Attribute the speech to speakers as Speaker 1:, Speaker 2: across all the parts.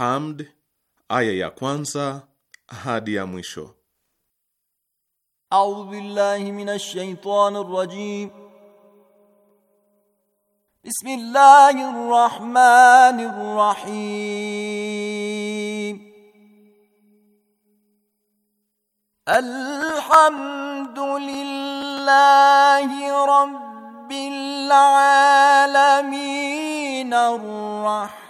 Speaker 1: Hamd, aya ya kwanza hadi ya mwisho.
Speaker 2: A'udhu billahi minash shaitanir rajim. Bismillahir rahmanir rahim. Alhamdulillahi rabbil alamin arrahim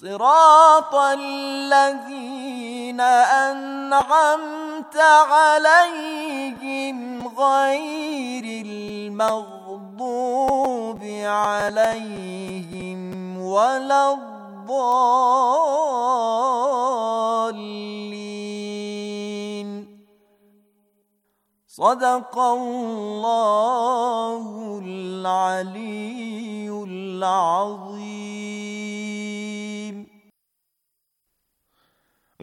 Speaker 2: صراط الذين أنعمت عليهم غير المغضوب عليهم ولا الضالين صدق الله العلي العظيم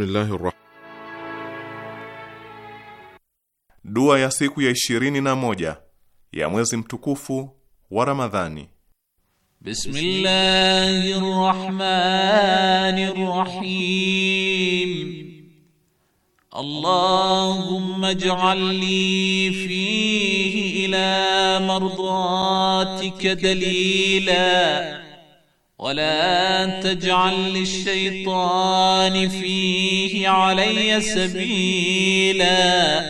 Speaker 1: Bismillahi rahmani Dua ya siku ya ishirini na moja ya mwezi mtukufu wa Ramadhani.
Speaker 2: Bismillahirrahmanirrahim. Allahumma ij'al li fihi ila mardatika dalila ولا تجعل للشيطان فيه علي سبيلا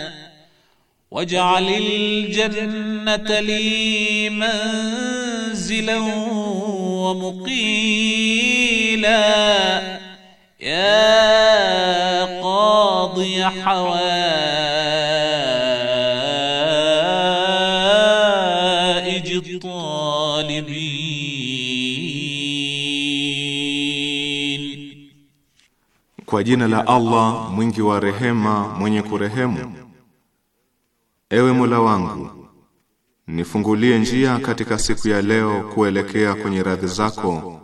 Speaker 2: واجعل الجنة لي منزلا ومقيلا يا قاضي حوالي
Speaker 1: Kwa jina la Allah mwingi wa rehema, mwenye kurehemu. Ewe Mola wangu, nifungulie njia katika siku ya leo kuelekea kwenye radhi zako,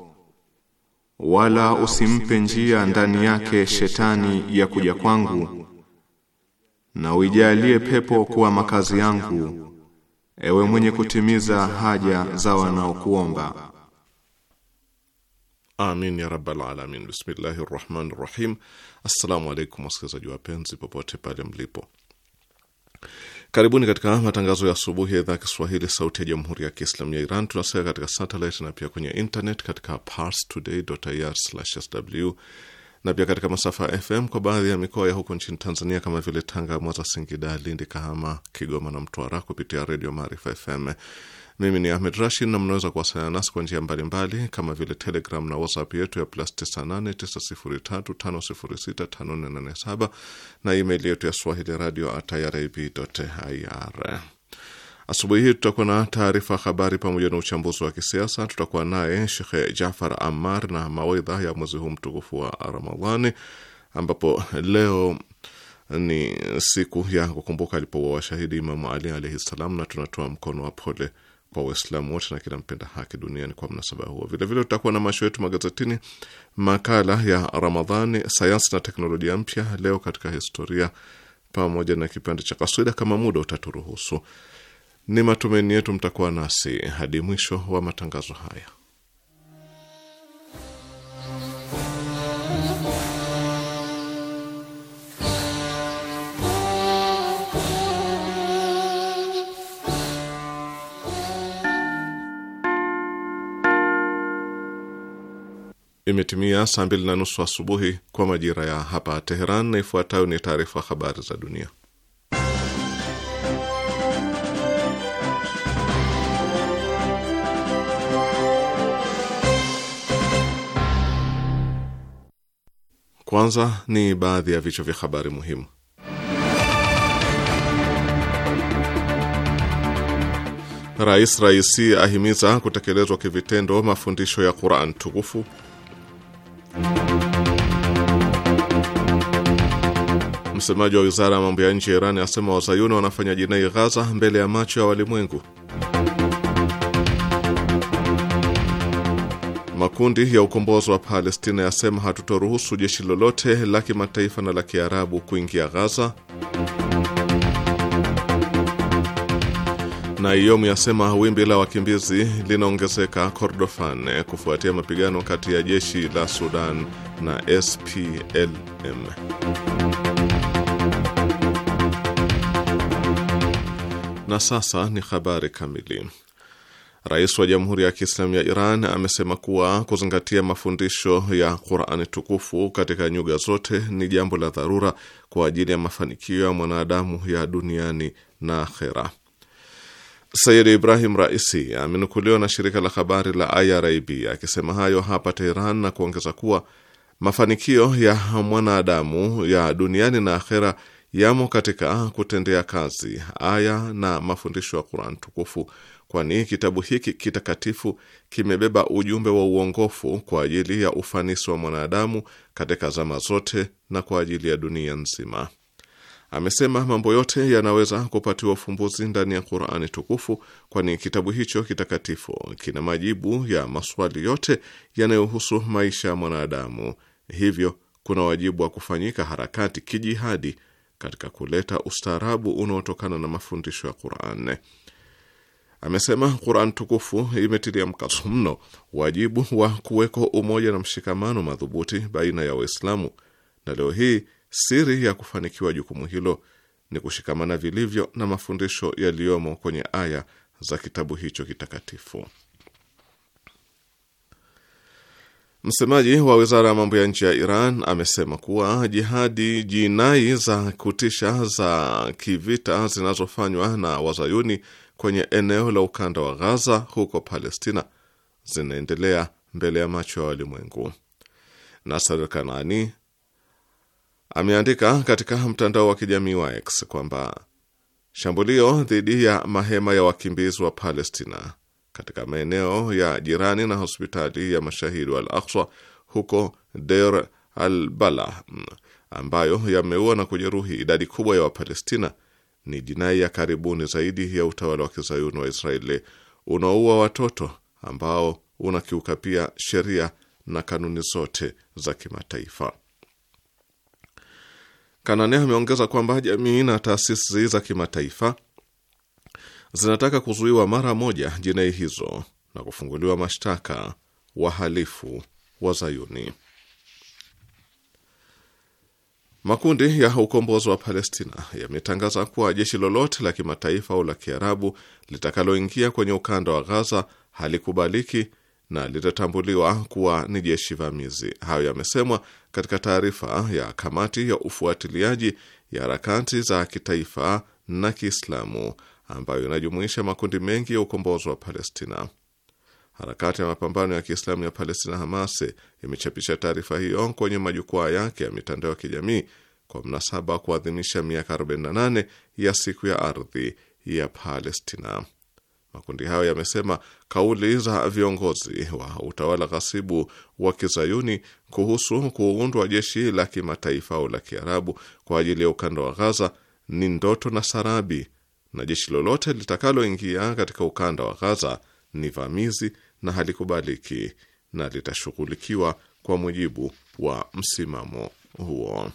Speaker 1: wala usimpe njia ndani yake shetani ya kuja kwangu, na uijalie pepo kuwa makazi yangu, ewe mwenye kutimiza haja za wanaokuomba. Amin ya rabbal alamin. Bismillahi rahmani rahim. Assalamu alaikum wasikilizaji wapenzi, popote pale mlipo, karibuni katika matangazo ya asubuhi ya idhaa Kiswahili sauti ya jamhuri ya Kiislamu ya Iran. Tunasika katika satelit na pia kwenye internet katika parstoday.ir/sw na pia katika masafa ya FM kwa baadhi ya mikoa ya huko nchini Tanzania kama vile Tanga, Mwanza, Singida, Lindi, Kahama, Kigoma na Mtwara kupitia redio Maarifa FM. Mimi ni Ahmed Rashid na mnaweza kuwasiliana nasi kwa njia mbalimbali kama vile Telegram na WhatsApp yetu ya plus 989035065487 na email yetu ya swahili radio irib.ir. Asubuhi hii tutakuwa na taarifa habari pamoja na uchambuzi wa kisiasa. Tutakuwa naye Shekhe Jafar amar na mawaidha ya mwezi huu mtukufu wa Ramadhani, ambapo leo ni siku ya kukumbuka alipouawa shahidi Imamu Ali alaihi ssalam, na tunatoa mkono wa pole kwa Waislamu wote na kila mpenda haki duniani kwa mnasaba huo. Vilevile tutakuwa na maisho yetu magazetini, makala ya Ramadhani, sayansi na teknolojia mpya, leo katika historia, pamoja na kipande cha kaswida kama muda utaturuhusu. Ni matumaini yetu mtakuwa nasi hadi mwisho wa matangazo haya. Imetimia saa mbili na nusu asubuhi kwa majira ya hapa Teheran, na ifuatayo ni taarifa habari za dunia. Kwanza ni baadhi ya vichwa vya habari muhimu. Rais Raisi ahimiza kutekelezwa kivitendo mafundisho ya Quran tukufu. Msemaji wa wizara ya mambo ya nje ya Irani asema wazayuni wanafanya jinai Ghaza mbele ya macho ya walimwengu. Makundi ya ukombozi wa Palestina yasema hatutoruhusu jeshi lolote la kimataifa na la kiarabu kuingia Ghaza. Na IOM yasema wimbi la wakimbizi linaongezeka Kordofan kufuatia mapigano kati ya jeshi la Sudan na SPLM. Na sasa ni habari kamili. Rais wa Jamhuri ya Kiislamu ya Iran amesema kuwa kuzingatia mafundisho ya Qurani tukufu katika nyuga zote ni jambo la dharura kwa ajili ya mafanikio ya mwanadamu ya duniani na akhera. Sayid Ibrahim Raisi amenukuliwa na shirika la habari la IRIB akisema hayo hapa Teheran na kuongeza kuwa mafanikio ya mwanadamu ya duniani na akhera yamo katika kutendea kazi aya na mafundisho ya Quran tukufu, kwani kitabu hiki kitakatifu kimebeba ujumbe wa uongofu kwa ajili ya ufanisi wa mwanadamu katika zama zote na kwa ajili ya dunia nzima. Amesema mambo yote yanaweza kupatiwa ufumbuzi ndani ya Qur'ani tukufu, kwani kitabu hicho kitakatifu kina majibu ya maswali yote yanayohusu maisha ya mwanadamu. Hivyo kuna wajibu wa kufanyika harakati kijihadi katika kuleta ustaarabu unaotokana na mafundisho ya Qur'an. Amesema Qur'an tukufu imetilia mkazo mno wajibu wa kuweko umoja na mshikamano madhubuti baina ya Waislamu, na leo hii Siri ya kufanikiwa jukumu hilo ni kushikamana vilivyo na mafundisho yaliyomo kwenye aya za kitabu hicho kitakatifu. Msemaji wa wizara ya mambo ya nje ya Iran amesema kuwa jihadi jinai za kutisha za kivita zinazofanywa na wazayuni kwenye eneo la ukanda wa Ghaza huko Palestina zinaendelea mbele ya macho ya walimwengu. Nasser Kanani ameandika katika mtandao wa kijamii wa X kwamba shambulio dhidi ya mahema ya wakimbizi wa Palestina katika maeneo ya jirani na hospitali ya mashahidi wa Al-Aqsa huko Der al-Bala mm, ambayo yameua na kujeruhi idadi kubwa ya Wapalestina ni jinai ya karibuni zaidi ya utawala wa kizayuni wa Israeli unaoua watoto ambao unakiuka pia sheria na kanuni zote za kimataifa. Kananeh ameongeza kwamba jamii na taasisi za kimataifa zinataka kuzuiwa mara moja jinai hizo na kufunguliwa mashtaka wahalifu wa Zayuni. Makundi ya ukombozi wa Palestina yametangaza kuwa jeshi lolote la kimataifa au la kiarabu litakaloingia kwenye ukanda wa Ghaza halikubaliki na litatambuliwa kuwa ni jeshi vamizi. Hayo yamesemwa katika taarifa ya kamati ya ufuatiliaji ya harakati za kitaifa na Kiislamu ambayo inajumuisha makundi mengi ya ukombozi wa Palestina. Harakati ya mapambano ya Kiislamu ya Palestina, Hamas, imechapisha taarifa hiyo kwenye majukwaa yake ya mitandao ya kijamii kwa mnasaba wa kuadhimisha miaka 48 ya siku ya ardhi ya Palestina. Makundi hayo yamesema kauli za viongozi wa utawala ghasibu wa kizayuni kuhusu kuundwa jeshi la kimataifa au la kiarabu kwa ajili ya ukanda wa Ghaza ni ndoto na sarabi, na jeshi lolote litakaloingia katika ukanda wa Ghaza ni vamizi na halikubaliki na litashughulikiwa kwa mujibu wa msimamo huo.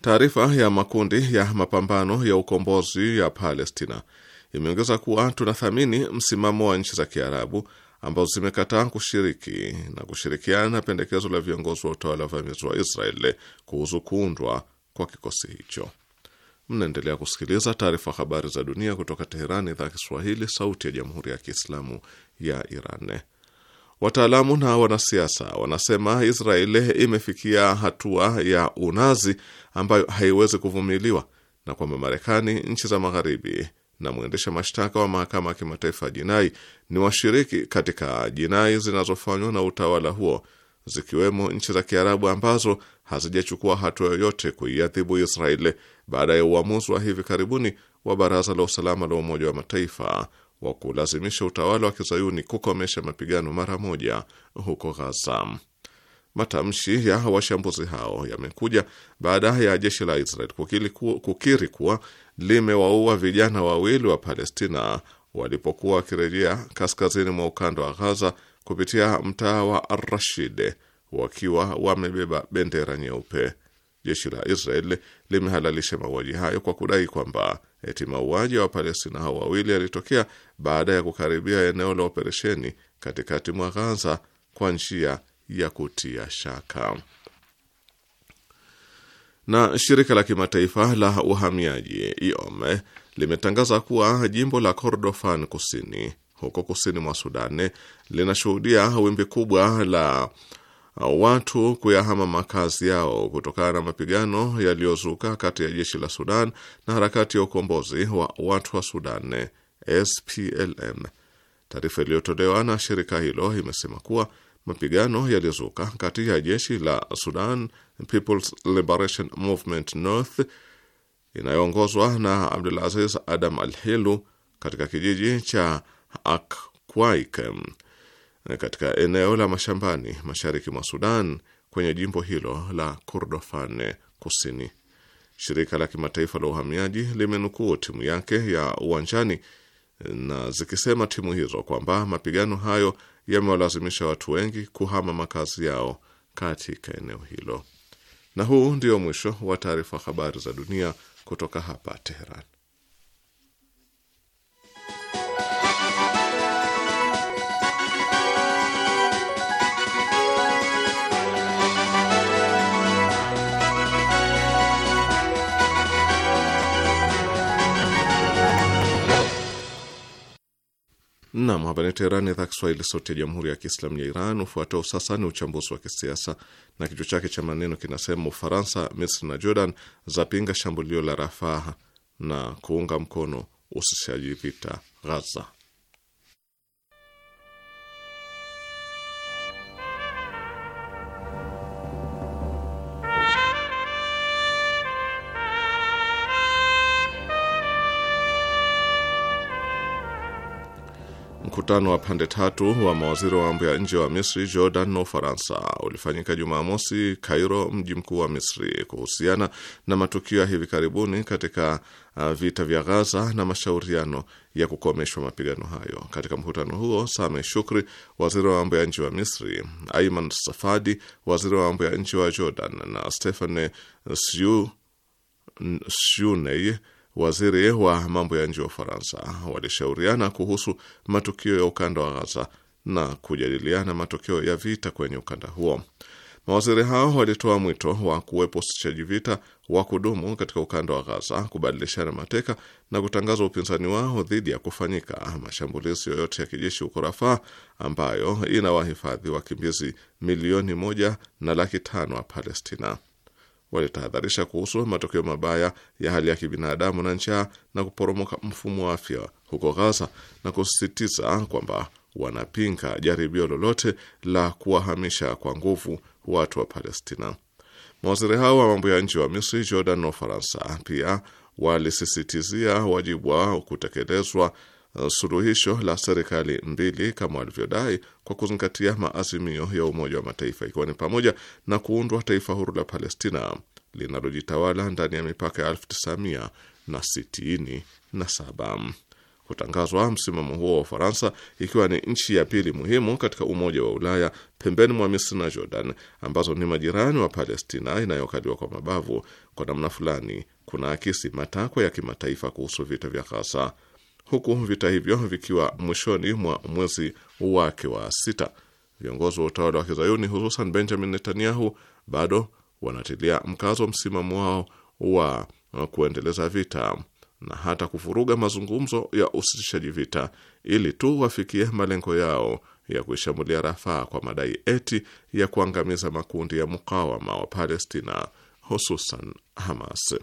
Speaker 1: Taarifa ya makundi ya mapambano ya ukombozi ya Palestina imeongeza kuwa tunathamini msimamo wa nchi za Kiarabu ambazo zimekataa kushiriki na kushirikiana na pendekezo la viongozi wa utawala vamizi wa Israel kuhusu kuundwa kwa kikosi hicho. Mnaendelea kusikiliza taarifa habari za dunia kutoka Teheran, idhaa ya Kiswahili, sauti ya jamhuri ya kiislamu ya Iran. Wataalamu na wanasiasa wanasema Israeli imefikia hatua ya unazi ambayo haiwezi kuvumiliwa na kwamba Marekani, nchi za Magharibi na mwendesha mashtaka wa mahakama ya kimataifa ya jinai ni washiriki katika jinai zinazofanywa na utawala huo, zikiwemo nchi za Kiarabu ambazo hazijachukua hatua yoyote kuiadhibu Israeli baada ya uamuzi wa hivi karibuni wa Baraza la Usalama la Umoja wa Mataifa wa kulazimisha utawala wa kizayuni kukomesha mapigano mara moja huko Gaza. Matamshi ya washambuzi hao yamekuja baada ya jeshi la Israel kukiri kuwa limewaua vijana wawili wa Palestina walipokuwa wakirejea kaskazini mwa ukanda wa Ghaza kupitia mtaa wa Ar-Rashid wakiwa wamebeba bendera nyeupe. Jeshi la Israel limehalalisha mauaji hayo kwa kudai kwamba eti mauaji wa Palestina hao wawili yalitokea baada ya kukaribia eneo la operesheni katikati mwa Ghaza kwa njia ya kutia shaka. Na shirika la kimataifa la uhamiaji IOM limetangaza kuwa jimbo la Kordofan kusini huko kusini mwa Sudan linashuhudia wimbi kubwa la watu kuyahama makazi yao kutokana na mapigano yaliyozuka kati ya jeshi la Sudan na harakati ya ukombozi wa watu wa Sudan SPLM. Taarifa iliyotolewa na shirika hilo imesema kuwa mapigano yaliyozuka kati ya jeshi la Sudan People's Liberation Movement North inayoongozwa na Abdulaziz Adam Alhilu katika kijiji cha Akwaik eh, katika eneo la mashambani mashariki mwa Sudan kwenye jimbo hilo la Kordofan Kusini. Shirika la kimataifa la uhamiaji limenukuu timu yake ya uwanjani eh, na zikisema timu hizo kwamba mapigano hayo yamewalazimisha watu wengi kuhama makazi yao katika eneo hilo. Na huu ndio mwisho wa taarifa habari za dunia kutoka hapa Teheran. Nam, hapa ni Teherani, idhaa Kiswahili, sauti ya jamhuri ya kiislamu ya Iran. Ufuatao sasa ni uchambuzi wa kisiasa na kichwa chake cha maneno kinasema: Ufaransa, Misri na Jordan zapinga shambulio la Rafaha na kuunga mkono usisiaji vita Ghaza. Mkutano wa pande tatu wa mawaziri wa mambo ya nje wa Misri, Jordan na Ufaransa ulifanyika Jumamosi Kairo, mji mkuu wa Misri, kuhusiana na matukio ya hivi karibuni katika uh, vita vya Ghaza na mashauriano ya kukomeshwa mapigano hayo. Katika mkutano huo, same Shukri, waziri wa mambo ya nje wa Misri, Ayman Safadi, waziri wa mambo ya nje wa Jordan na Stefan Siuney waziri wa mambo ya nje wa Ufaransa walishauriana kuhusu matukio ya ukanda wa Ghaza na kujadiliana matokeo ya vita kwenye ukanda huo. Mawaziri hao walitoa mwito wa kuwepo usitishaji vita wa kudumu katika ukanda wa Ghaza, kubadilishana mateka na kutangaza upinzani wao dhidi ya kufanyika mashambulizi yoyote ya kijeshi huko Rafaa, ambayo ina wahifadhi wakimbizi milioni moja na laki tano wa Palestina walitahadharisha kuhusu matokeo mabaya ya hali ya kibinadamu na njaa na kuporomoka mfumo wa afya huko Gaza na kusisitiza kwamba wanapinga jaribio lolote la kuwahamisha kwa nguvu watu wa Palestina. Mawaziri hao wa mambo ya nje wa Misri, Jordan na Ufaransa pia walisisitizia wajibu wa kutekelezwa Uh, suluhisho la serikali mbili kama walivyodai kwa kuzingatia maazimio ya Umoja wa Mataifa, ikiwa ni pamoja na kuundwa taifa huru la Palestina linalojitawala ndani ya mipaka ya 1967. Kutangazwa msimamo huo wa Ufaransa ikiwa ni nchi ya pili muhimu katika Umoja wa Ulaya pembeni mwa Misri na Jordan ambazo ni majirani wa Palestina inayokaliwa kwa mabavu, kwa namna fulani kuna akisi matakwa ya kimataifa kuhusu vita vya Ghaza huku vita hivyo vikiwa mwishoni mwa mwezi wake wa sita. Viongozi wa utawala wa kizayuni hususan Benjamin Netanyahu bado wanatilia mkazo msimamo wao wa kuendeleza vita na hata kuvuruga mazungumzo ya usitishaji vita ili tu wafikie malengo yao ya kuishambulia Rafaa kwa madai eti ya kuangamiza makundi ya mukawama wa Palestina hususan Hamas.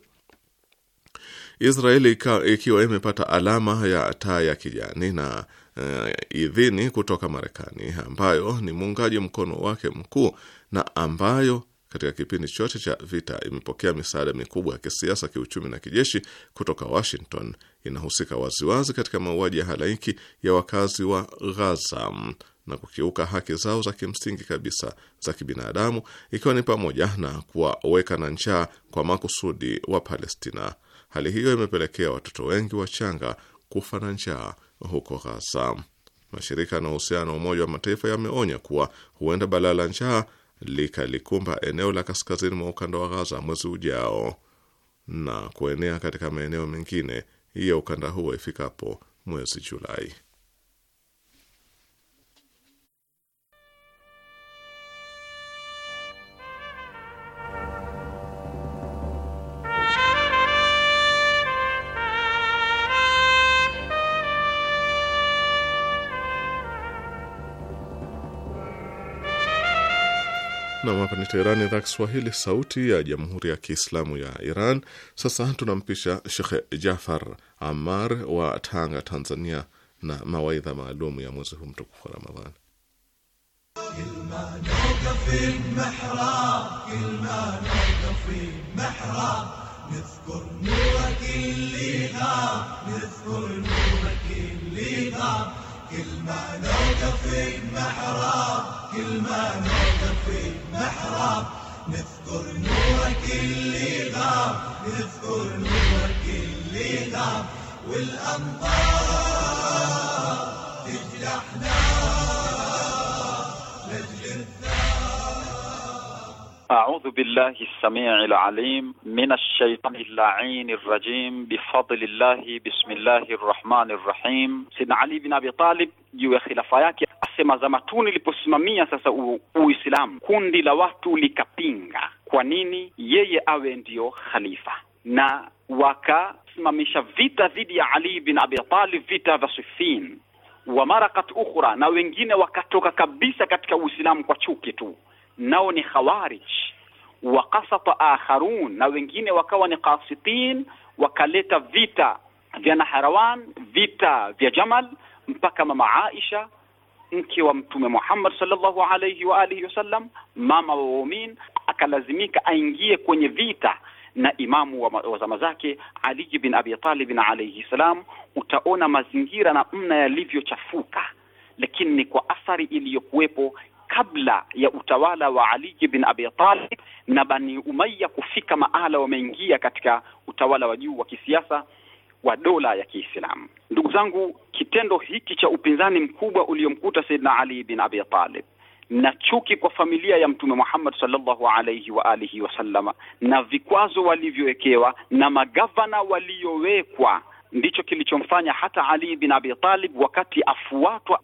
Speaker 1: Israeli ikiwa imepata alama ya taa ya kijani na uh, idhini kutoka Marekani ambayo ni muungaji mkono wake mkuu na ambayo katika kipindi chote cha vita imepokea misaada mikubwa ya kisiasa, kiuchumi na kijeshi kutoka Washington, inahusika waziwazi katika mauaji ya halaiki ya wakazi wa Gaza mm, na kukiuka haki zao za kimsingi kabisa za kibinadamu, ikiwa ni pamoja na kuwaweka na njaa kwa makusudi wa Palestina. Hali hiyo imepelekea watoto wengi wachanga kufa na njaa huko Ghaza. Mashirika uhusiano wa Umoja wa Mataifa yameonya kuwa huenda balaa la njaa likalikumba eneo la kaskazini mwa ukanda wa Ghaza mwezi ujao na kuenea katika maeneo mengine ya ukanda huo ifikapo mwezi Julai. Nam, hapa ni Teherani, idhaa Kiswahili, sauti ya jamhuri ya kiislamu ya Iran. Sasa tunampisha Shekhe Jafar Amar wa Tanga, Tanzania, na mawaidha maalum ya mwezi huu mtukufu wa Ramadhani.
Speaker 3: كل ما نوقف في المحراب كل ما نوقف في المحراب نذكر نورك اللي غاب نذكر نورك اللي غاب والأمطار تجلحنا
Speaker 4: أعوذ بالله السميع العليم من الشيطان اللعين الرجيم بفضل الله بسم الله الرحمن الرحيم Sidna Ali bin Abi Talib juu ya khilafa yake asema, zama tu niliposimamia sasa Uislamu kundi la watu likapinga, kwa nini yeye awe ndiyo khalifa, na wakasimamisha vita dhidi ya Ali bin Abi Talib, vita vya Siffin wa marakat ukhra, na wengine wakatoka kabisa katika Uislamu kwa chuki tu nao ni Khawarij, wa kasata akharun, na wengine wakawa ni qasitin wakaleta vita vya Naharawan, vita vya Jamal mpaka mama Aisha mke wa Mtume Muhammad sallallahu alayhi wa alihi wasallam, mama wa waumini, akalazimika aingie kwenye vita na imamu wa, wa zama zake Ali bin Abi Talib alayhi salam. Utaona mazingira na mna yalivyochafuka, lakini ni kwa athari iliyokuwepo kabla ya utawala wa Ali bin Abi Talib na Bani Umayya kufika mahala wameingia katika utawala wa juu wa kisiasa wa dola ya Kiislamu. Ndugu zangu, kitendo hiki cha upinzani mkubwa uliomkuta Sayyidina Ali bin Abi Talib na chuki kwa familia ya Mtume Muhammad sallallahu alayhi wa alihi wasallama na vikwazo walivyowekewa na magavana waliowekwa ndicho kilichomfanya hata Ali bin Abi Talib wakati afuatwa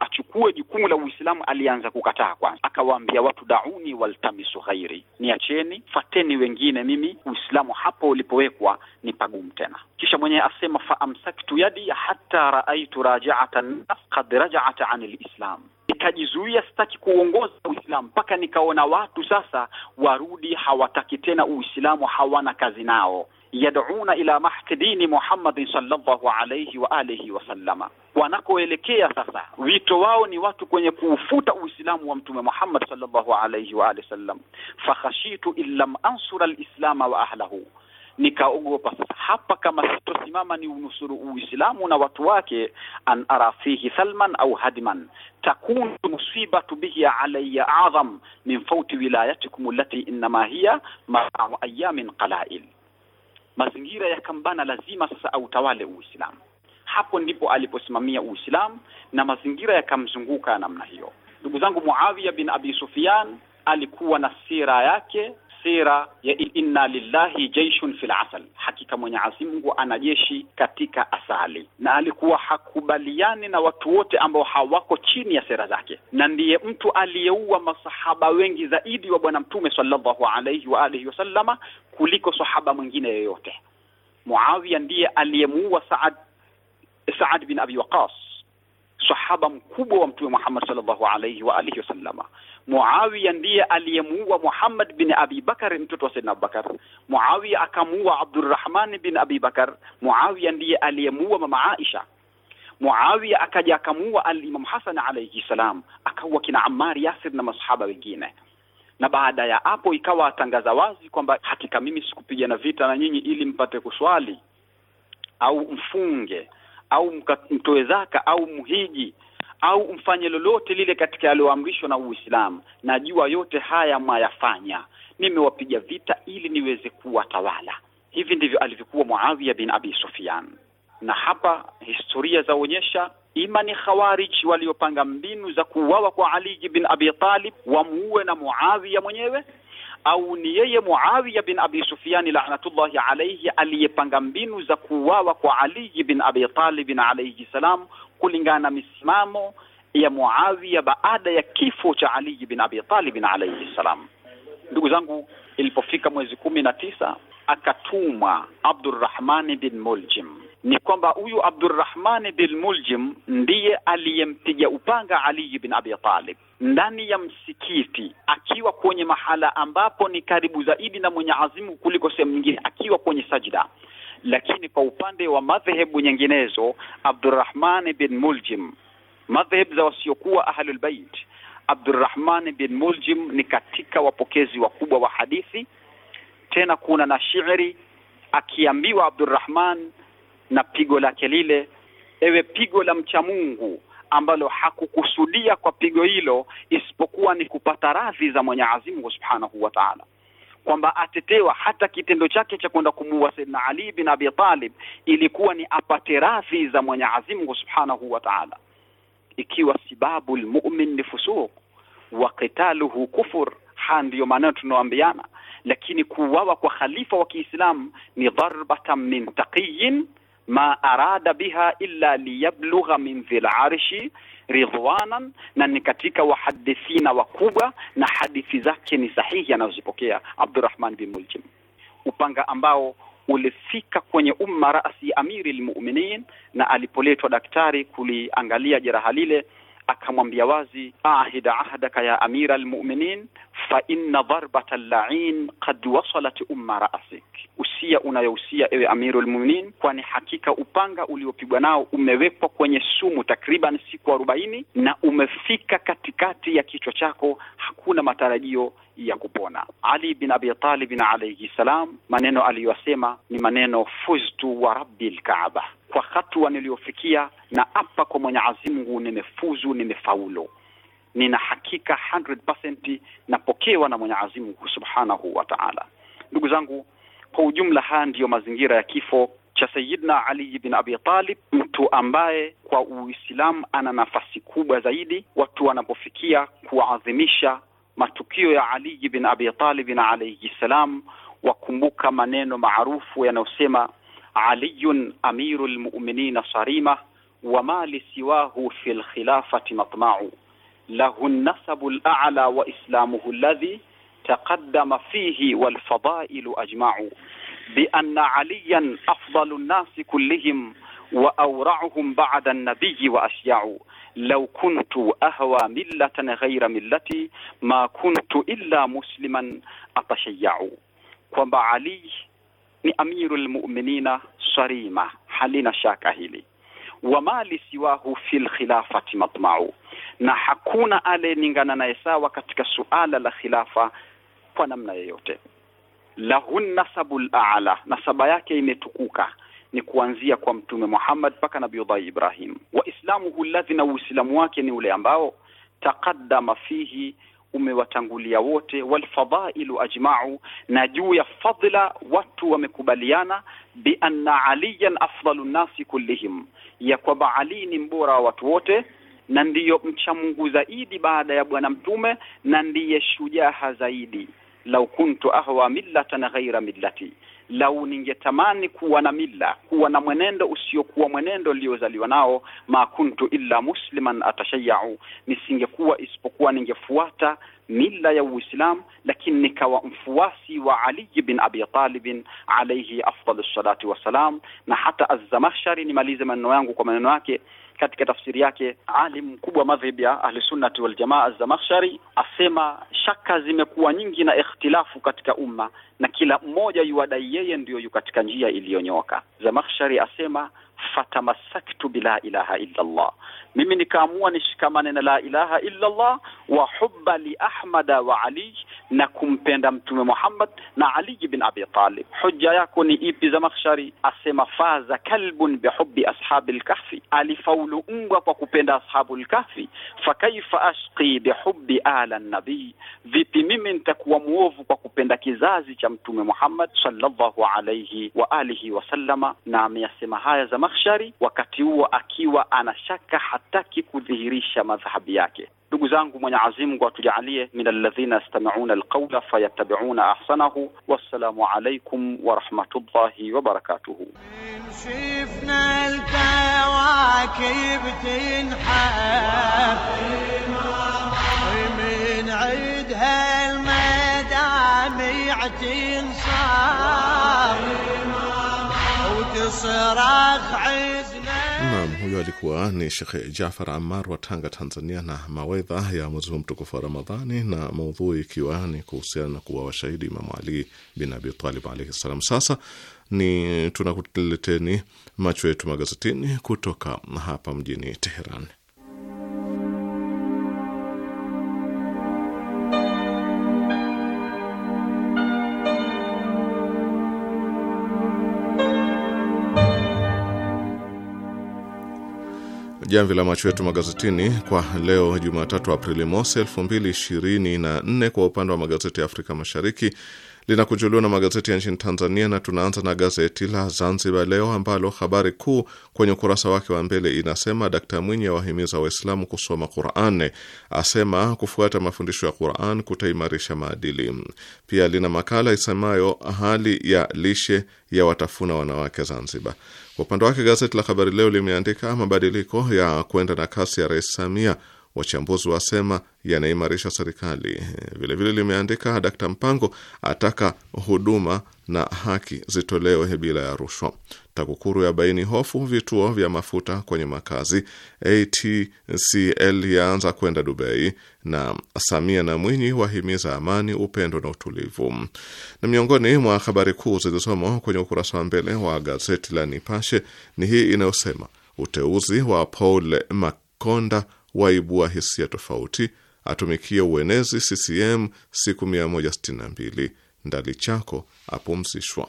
Speaker 4: achukue jukumu la Uislamu alianza kukataa kwanza, akawaambia watu dauni waltamisu ghairi, niacheni fateni wengine, mimi Uislamu hapo ulipowekwa ni pagumu tena. Kisha mwenyewe asema faamsaktu yadi hata raaitu rajaata nnas qad rajaat an lislam nikajizuia, sitaki kuongoza Uislamu mpaka nikaona watu sasa warudi, hawataki tena Uislamu, hawana kazi nao. Yad'una ila dini Muhammadin sallallahu alayhi wa alihi wasallama, wanakoelekea sasa, wito wao ni watu kwenye kuufuta Uislamu wa Mtume Muhammad sallallahu alayhi wa alihi wasallam. Fakhashitu in lam ansura alislama wa ahlahu nikaogopa sasa, hapa kama sitosimama ni unusuru Uislamu na watu wake, an ara fihi salman au hadman takun musibatu bihi alayya a'zam min fauti wilayatikum allati innama hiya maa ayamin qalail. Mazingira yakambana, lazima sasa autawale Uislamu. Hapo ndipo aliposimamia Uislamu na mazingira yakamzunguka ya namna hiyo. Ndugu zangu, Muawiya bin Abi Sufyan alikuwa na sira yake sira ya inna lillahi jaishun fil asal, hakika Mwenyezi Mungu ana jeshi katika asali. Na alikuwa hakubaliani na watu wote ambao hawako chini ya sera zake, na ndiye mtu aliyeua masahaba wengi zaidi wa Bwana Mtume sallallahu alayhi wa alihi wasallama kuliko sahaba mwingine yoyote. Muawiya ndiye aliyemuua Saad, Saad bin Abi Waqas, sahaba mkubwa wa Mtume Muhammad sallallahu alayhi wa alihi wasallama. Muawiya ndiye aliyemuua Muhammad bin Abi Bakar, mtoto wa Saidna Abubakar. Muawiya akamuua Abdurrahman bin Abi Bakar. Muawiya ndiye aliyemuua mama Aisha. Muawiya akaja akamuua al-Imam Hasan alayhi salam, akaua kina Ammar Yasir na masahaba wengine. Na baada ya hapo ikawa atangaza wazi kwamba hakika mimi sikupigana vita na nyinyi ili mpate kuswali au mfunge au mtoe zaka au mhiji au mfanye lolote lile katika yaliyoamrishwa na Uislamu, najua yote haya mwayafanya, nimewapiga vita ili niweze kuwatawala. Hivi ndivyo alivyokuwa Muawiya bin Abi Sufyan, na hapa historia zaonyesha ima ni Khawarij waliopanga mbinu za kuuawa kwa Ali bin Abi Talib wamuue na Muawiya mwenyewe au ni yeye Muawiya bin Abi Sufyan laanatullahi alayhi aliyepanga mbinu za kuuawa kwa Ali bin Abi Talib alayhi salam kulingana na misimamo ya Muawiya baada ya kifo cha Ali bin Abi Talib alayhi salam. Ndugu zangu, ilipofika mwezi kumi na tisa akatumwa Abdurrahmani bin Muljim. Ni kwamba huyu Abdurrahmani bin Muljim ndiye aliyempiga upanga Ali bin Abi Talib ndani ya msikiti, akiwa kwenye mahala ambapo ni karibu zaidi na Mwenye Azimu kuliko sehemu nyingine, akiwa kwenye sajida lakini kwa upande wa madhehebu nyinginezo, Abdurrahman bin Muljim, madhehebu za wasiokuwa ahlul bait, Abdurrahman bin Muljim ni katika wapokezi wakubwa wa hadithi. Tena kuna na shiiri, akiambiwa Abdurrahman na pigo lake lile, ewe pigo la mcha Mungu ambalo hakukusudia kwa pigo hilo isipokuwa ni kupata radhi za Mwenyezi Mungu Subhanahu wa Ta'ala kwamba atetewa hata kitendo chake cha kwenda kumuua Saidna Ali bin Abi Talib ilikuwa ni apate radhi za Mwenyezi Mungu Subhanahu wa Ta'ala, ikiwa sibabu lmumin ni fusuq wa qitaluhu kufur. Haya ndiyo maana tunaoambiana, lakini kuuawa kwa khalifa wa Kiislamu ni dharbatan min taqiyin ma arada biha illa liyablugha min dhil arshi ridwanan, na ni katika wahadithina wakubwa na hadithi zake ni sahihi anazozipokea Abdurrahman bin Muljim, upanga ambao ulifika kwenye umma rasi amiri lmuminin, na alipoletwa daktari kuliangalia jeraha lile akamwambia wazi, ahida ahdaka ya amira lmuminin fa inna dharbata llain qad wasalat umma rasik usia unayousia ewe Amirul Muminin, kwani hakika upanga uliopigwa nao umewekwa kwenye sumu takriban siku arobaini na umefika katikati ya kichwa chako, hakuna matarajio ya kupona. Ali bin Abi Talib alayhi salam, maneno aliyosema ni maneno fuztu wa rabbil Kaaba, kwa hatua niliyofikia na apa kwa Mwenyezi Mungu nimefuzu, nimefaulu nina hakika 100% napokewa na Mwenyezi Mungu Subhanahu wa Ta'ala. Ndugu zangu, kwa ujumla, haya ndiyo mazingira ya kifo cha Sayyidina Ali ibn Abi Talib, mtu ambaye kwa Uislamu ana nafasi kubwa zaidi watu wanapofikia kuadhimisha matukio ya Ali ibn Abi Talib alayhi salam, wakumbuka maneno maarufu yanayosema aliyun amirul mu'minina sarima wa mali siwahu fil khilafati matma'u له النسب الأعلى وإسلامه الذي تقدم فيه والفضائل أجمع بأن عليا أفضل الناس كلهم وأورعهم بعد النبي وأشيع لو كنت أهوى ملة غير ملتي ما كنت إلا مسلما أتشيع كما علي أمير المؤمنين صريمة حلينا halina وما لسواه في الخلافة مطمع na hakuna aliyeningana naye sawa katika suala la khilafa kwa namna yoyote. lahu nasabu a'la, nasaba yake imetukuka ni kuanzia kwa Mtume Muhammad mpaka Nabiyullah Ibrahim. Wa islamuhu alladhi, na Uislamu wake ni ule ambao taqaddama fihi umewatangulia wote, walfadailu ajma'u, na juu ya fadhila watu wamekubaliana, bi anna aliyan afdalu nnasi kullihim, ya kwamba Ali ni mbora wa watu wote na ndiyo mcha Mungu zaidi baada ya Bwana Mtume na ndiye shujaa zaidi. Lau kuntu ahwa millatan ghaira millati, lau ningetamani kuwa na milla, kuwa na mwenendo usiokuwa mwenendo uliozaliwa nao. Ma kuntu illa musliman atashayau, nisingekuwa isipokuwa ningefuata milla ya Uislamu, lakini nikawa mfuasi wa Ali bin Abi Talib alayhi afdalus salati wassalam. Na hata Az-Zamakhshari, nimalize maneno yangu kwa maneno yake katika tafsiri yake alim mkubwa madhhabi ya Ahlusunnati Waljamaa Azamakhshari asema shaka zimekuwa nyingi na ikhtilafu katika umma na kila mmoja yuadai yeye ndiyo yu katika njia iliyonyoka. Zamakhshari asema fatamasaktu bila ilaha illa Allah, mimi nikaamua nishikamane na la ilaha illa Allah wa hubba li ahmada wa ali, na kumpenda Mtume Muhammad na Ali bin Abi Talib. Hujja yako ni ipi? Zamakhshari asema faza kalbun bihubbi ashabi lkahfi, alifaulu mbwa kwa kupenda ashabu lkahfi. Fakaifa ashqi bihubbi ala nabii, vipi mimi nitakuwa mwovu kwa kupenda kizazi cha cha Mtume Muhammad sallallahu alayhi wa alihi wasallama, na ameyasema haya za makhshari wakati huo akiwa anashaka, hataki kudhihirisha madhhabi yake. Ndugu zangu, Mwenyezi Mungu atujaalie min alladhina yastami'una alqawla fayattabi'una ahsanahu. Wassalamu alaykum wa rahmatullahi wa barakatuh.
Speaker 2: Shifna alkawakib tinhaf بعد هالمدامع تنصار وتصرخ عدنا
Speaker 1: Naam, huyo alikuwa ni Shekhe Jafar amar wa Tanga, Tanzania, na mawaidha ya mwezi huu mtukufu wa Ramadhani, na maudhui ikiwa ni kuhusiana na kuwa washahidi Imamu Ali bin Abi Talib alaihi ssalam. Sasa ni tunakuleteni macho yetu magazetini kutoka hapa mjini Teheran. jamvi la macho yetu magazetini kwa leo Jumatatu Aprili mosi 2024 kwa upande wa magazeti ya Afrika Mashariki linakunjuliwa na magazeti ya nchini Tanzania, na tunaanza na gazeti la Zanzibar Leo ambalo habari kuu kwenye ukurasa wake wa mbele inasema: Dkt Mwinyi awahimiza Waislamu kusoma Quran, asema kufuata mafundisho ya Quran kutaimarisha maadili. Pia lina makala isemayo hali ya lishe ya watafuna wanawake Zanzibar. Kwa upande wake, gazeti la Habari Leo limeandika mabadiliko ya kwenda na kasi ya Rais Samia wachambuzi wasema yanaimarisha serikali. Vilevile limeandika Dkt Mpango ataka huduma na haki zitolewe bila ya rushwa. TAKUKURU ya baini hofu vituo vya mafuta kwenye makazi. ATCL yaanza kwenda Dubai, na Samia na Mwinyi wahimiza amani, upendo na utulivu. Na miongoni mwa habari kuu zilizomo kwenye ukurasa wa mbele wa gazeti la Nipashe ni hii inayosema uteuzi wa Paul Makonda waibua hisia tofauti, atumikie uenezi CCM siku 162. Ndali chako apumzishwa.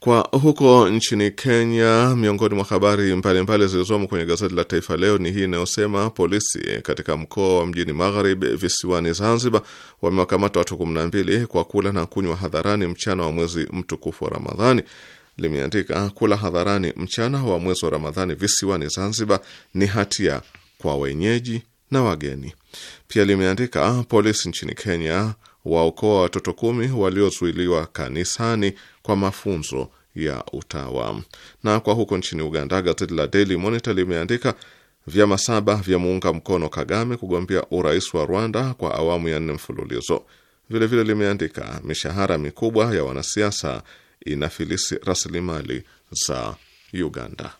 Speaker 1: Kwa huko nchini Kenya, miongoni mwa habari mbalimbali zilizomo kwenye gazeti la Taifa Leo ni hii inayosema polisi katika mkoa wa Mjini Magharibi visiwani Zanzibar wamewakamata watu 12 kwa kula na kunywa hadharani mchana wa mwezi mtukufu wa Ramadhani limeandika kula hadharani mchana wa mwezi wa Ramadhani visiwani Zanzibar ni hatia kwa wenyeji na wageni. Pia limeandika polisi nchini Kenya waokoa watoto kumi waliozuiliwa kanisani kwa mafunzo ya utawa. Na kwa huko nchini Uganda, gazeti la Daily Monitor limeandika vyama saba vya muunga mkono Kagame kugombea urais wa Rwanda kwa awamu ya nne mfululizo. Vilevile limeandika mishahara mikubwa ya wanasiasa inafilisi rasilimali za Uganda.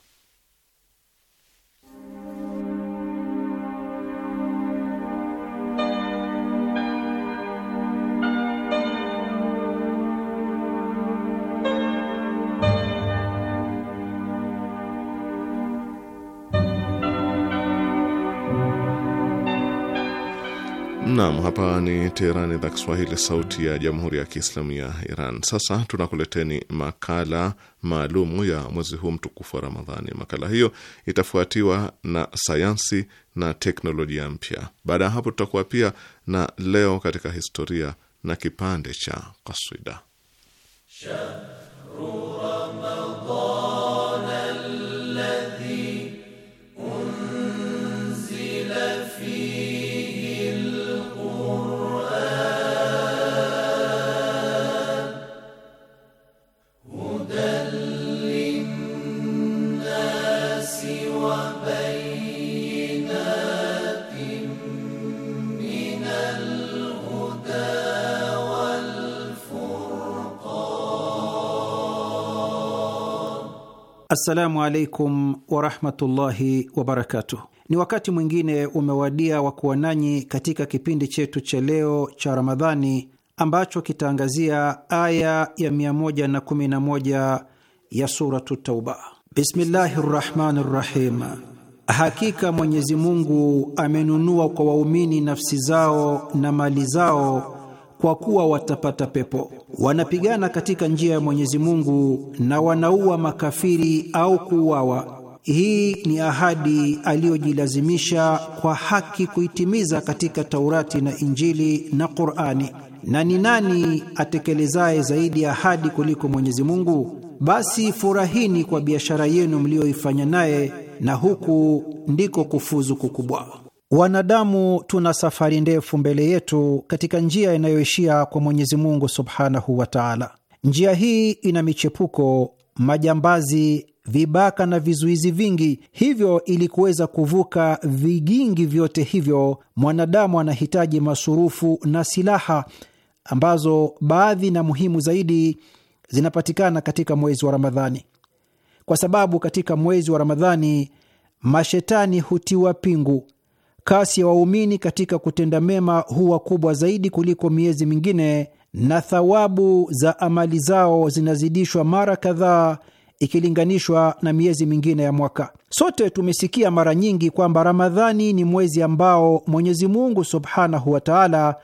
Speaker 1: Naam, hapa ni Teherani, idhaa Kiswahili, sauti ya jamhuri ya kiislamu ya Iran. Sasa tunakuleteni makala maalumu ya mwezi huu mtukufu wa Ramadhani. Makala hiyo itafuatiwa na sayansi na teknolojia mpya. Baada ya hapo, tutakuwa pia na leo katika historia na kipande cha kaswida.
Speaker 5: Assalamu alaikum warahmatullahi wabarakatuh. Ni wakati mwingine umewadia wa kuwa nanyi katika kipindi chetu cha leo cha Ramadhani ambacho kitaangazia aya ya 111 ya Suratu Tauba. Bismillahi rrahmani rrahim, hakika Mwenyezi Mungu amenunua kwa waumini nafsi zao na mali zao kwa kuwa watapata pepo. Wanapigana katika njia ya Mwenyezi Mungu na wanaua makafiri au kuuawa. Hii ni ahadi aliyojilazimisha kwa haki kuitimiza katika Taurati na Injili na Qur'ani. Na ni nani atekelezaye zaidi ya ahadi kuliko Mwenyezi Mungu? Basi furahini kwa biashara yenu mliyoifanya naye, na huku ndiko kufuzu kukubwa. Wanadamu tuna safari ndefu mbele yetu katika njia inayoishia kwa Mwenyezi Mungu subhanahu wa taala. Njia hii ina michepuko, majambazi, vibaka na vizuizi vingi. Hivyo, ili kuweza kuvuka vigingi vyote hivyo, mwanadamu anahitaji masurufu na silaha ambazo baadhi na muhimu zaidi zinapatikana katika mwezi wa Ramadhani, kwa sababu katika mwezi wa Ramadhani mashetani hutiwa pingu kasi ya waumini katika kutenda mema huwa kubwa zaidi kuliko miezi mingine, na thawabu za amali zao zinazidishwa mara kadhaa ikilinganishwa na miezi mingine ya mwaka. Sote tumesikia mara nyingi kwamba Ramadhani ni mwezi ambao Mwenyezi Mungu subhanahu wa taala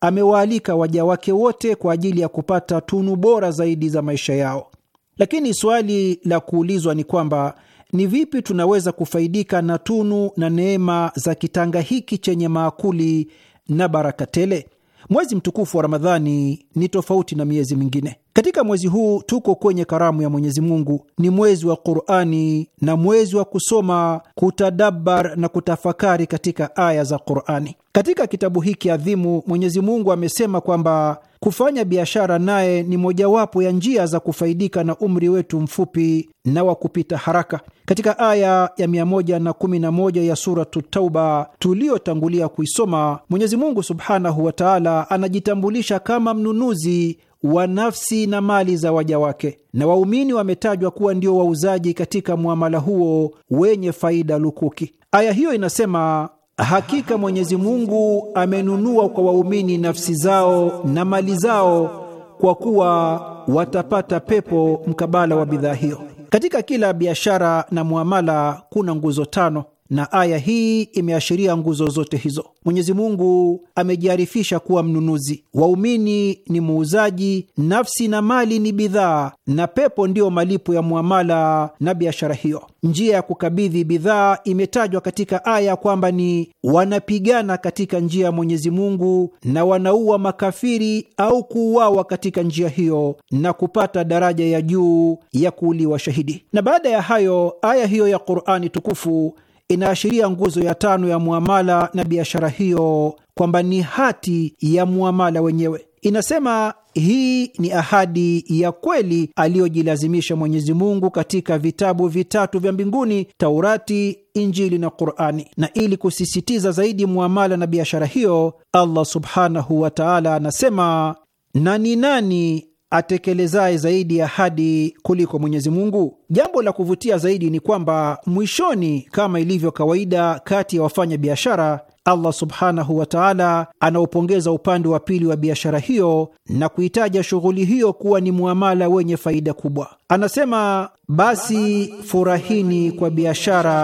Speaker 5: amewaalika waja wake wote kwa ajili ya kupata tunu bora zaidi za maisha yao, lakini swali la kuulizwa ni kwamba ni vipi tunaweza kufaidika na tunu na neema za kitanga hiki chenye maakuli na baraka tele? Mwezi mtukufu wa Ramadhani ni tofauti na miezi mingine. Katika mwezi huu tuko kwenye karamu ya Mwenyezi Mungu, ni mwezi wa Qurani na mwezi wa kusoma, kutadabar na kutafakari katika aya za Qurani. Katika kitabu hiki adhimu, Mwenyezi Mungu amesema kwamba Kufanya biashara naye ni mojawapo ya njia za kufaidika na umri wetu mfupi na wa kupita haraka. Katika aya ya 111 ya Suratu Tauba tuliyotangulia kuisoma, Mwenyezi Mungu subhanahu wa taala anajitambulisha kama mnunuzi wa nafsi na mali za waja wake, na waumini wametajwa kuwa ndio wauzaji katika mwamala huo wenye faida lukuki. Aya hiyo inasema Hakika Mwenyezi Mungu amenunua kwa waumini nafsi zao na mali zao kwa kuwa watapata pepo mkabala wa bidhaa hiyo. Katika kila biashara na muamala kuna nguzo tano na aya hii imeashiria nguzo zote hizo. Mwenyezi Mungu amejiarifisha kuwa mnunuzi, waumini ni muuzaji, nafsi na mali ni bidhaa, na pepo ndiyo malipo ya muamala na biashara hiyo. Njia ya kukabidhi bidhaa imetajwa katika aya kwamba ni wanapigana katika njia ya Mwenyezi Mungu na wanaua makafiri au kuuawa katika njia hiyo na kupata daraja ya juu ya kuuliwa shahidi. Na baada ya hayo aya hiyo ya Qur'ani tukufu inaashiria nguzo ya tano ya muamala na biashara hiyo kwamba ni hati ya muamala wenyewe. Inasema hii ni ahadi ya kweli aliyojilazimisha Mwenyezi Mungu katika vitabu vitatu vya mbinguni, Taurati, Injili na Qurani. Na ili kusisitiza zaidi muamala na biashara hiyo, Allah subhanahu wa taala anasema, na ni nani atekelezaye zaidi ahadi kuliko Mwenyezi Mungu. Jambo la kuvutia zaidi ni kwamba mwishoni, kama ilivyo kawaida kati ya wafanya biashara, Allah subhanahu wa taala anaupongeza upande wa pili wa biashara hiyo na kuitaja shughuli hiyo kuwa ni muamala wenye faida kubwa. Anasema, basi furahini kwa biashara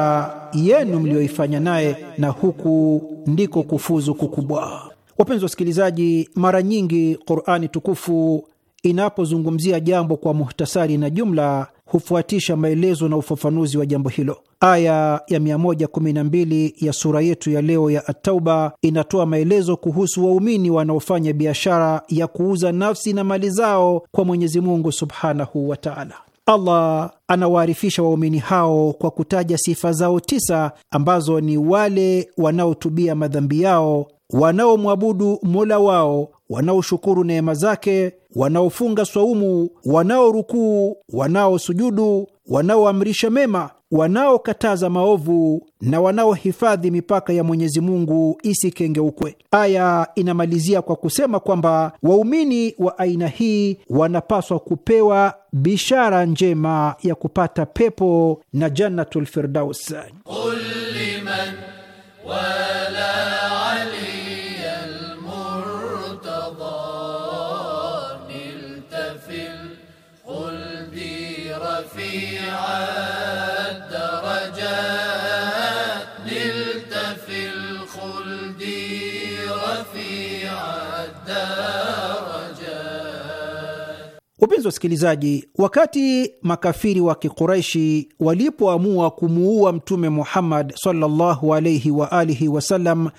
Speaker 5: yenu mliyoifanya naye, na huku ndiko kufuzu kukubwa. Wapenzi wasikilizaji, mara nyingi Qurani tukufu inapozungumzia jambo kwa muhtasari na jumla hufuatisha maelezo na ufafanuzi wa jambo hilo. Aya ya 112 ya sura yetu ya leo ya Atauba inatoa maelezo kuhusu waumini wanaofanya biashara ya kuuza nafsi na mali zao kwa Mwenyezi Mungu subhanahu wa taala. Allah anawaarifisha waumini hao kwa kutaja sifa zao tisa ambazo ni wale wanaotubia madhambi yao wanaomwabudu mola wao, wanaoshukuru neema zake, wanaofunga swaumu, wanaorukuu, wanaosujudu, wanaoamrisha mema, wanaokataza maovu na wanaohifadhi mipaka ya Mwenyezi Mungu isikengeukwe. Aya inamalizia kwa kusema kwamba waumini wa aina hii wanapaswa kupewa bishara njema ya kupata pepo na Jannatul Firdaus. Wapenzi wasikilizaji, wakati makafiri wa Kikuraishi walipoamua kumuua Mtume Muhammad sallallahu alaihi wa alihi wasallam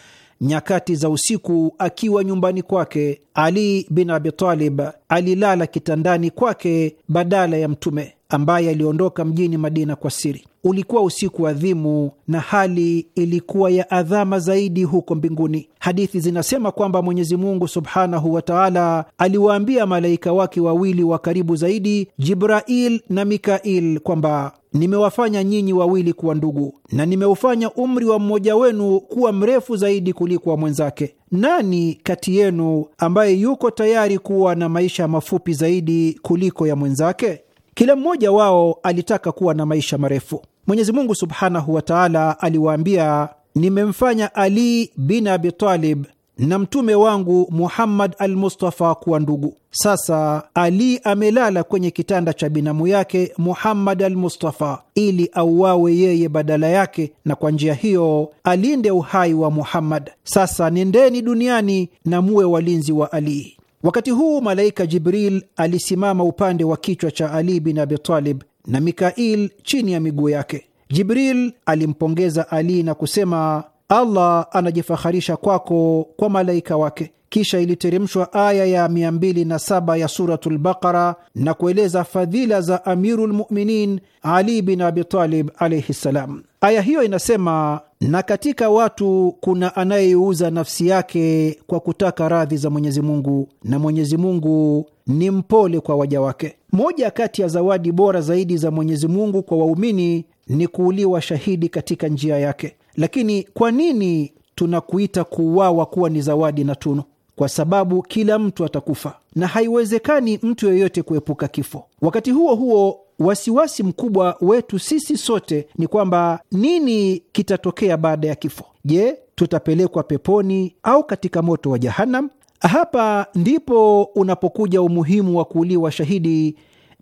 Speaker 5: nyakati za usiku akiwa nyumbani kwake, Ali bin Abi Talib alilala kitandani kwake badala ya Mtume ambaye aliondoka mjini Madina kwa siri. Ulikuwa usiku adhimu na hali ilikuwa ya adhama zaidi huko mbinguni. Hadithi zinasema kwamba Mwenyezi Mungu subhanahu wa taala aliwaambia malaika wake wawili wa karibu zaidi, Jibrail na Mikail, kwamba nimewafanya nyinyi wawili kuwa ndugu na nimeufanya umri wa mmoja wenu kuwa mrefu zaidi kuliko wa mwenzake. Nani kati yenu ambaye yuko tayari kuwa na maisha mafupi zaidi kuliko ya mwenzake? Kila mmoja wao alitaka kuwa na maisha marefu. Mwenyezi Mungu subhanahu wa taala aliwaambia, nimemfanya Ali bin Abi Talib na mtume wangu Muhammad al Mustafa kuwa ndugu. Sasa Ali amelala kwenye kitanda cha binamu yake Muhammad al Mustafa ili auawe yeye badala yake, na kwa njia hiyo alinde uhai wa Muhammad. Sasa nendeni duniani na muwe walinzi wa Ali. Wakati huu malaika Jibril alisimama upande wa kichwa cha Ali bin Abi Talib na Mikail chini ya miguu yake. Jibril alimpongeza Ali na kusema, Allah anajifaharisha kwako kwa malaika wake. Kisha iliteremshwa aya ya 207 ya Suratul Baqara na kueleza fadhila za Amirul Muminin Ali bin Abi Talib alaihi ssalam. Aya hiyo inasema, na katika watu kuna anayeiuza nafsi yake kwa kutaka radhi za Mwenyezi Mungu, na Mwenyezi Mungu ni mpole kwa waja wake. Moja kati ya zawadi bora zaidi za Mwenyezi Mungu kwa waumini ni kuuliwa shahidi katika njia yake. Lakini kwa nini tunakuita kuuawa kuwa ni zawadi na tunu? Kwa sababu kila mtu atakufa na haiwezekani mtu yeyote kuepuka kifo. Wakati huo huo wasiwasi mkubwa wetu sisi sote ni kwamba nini kitatokea baada ya kifo? Je, tutapelekwa peponi au katika moto wa Jahanam? Hapa ndipo unapokuja umuhimu wa kuuliwa shahidi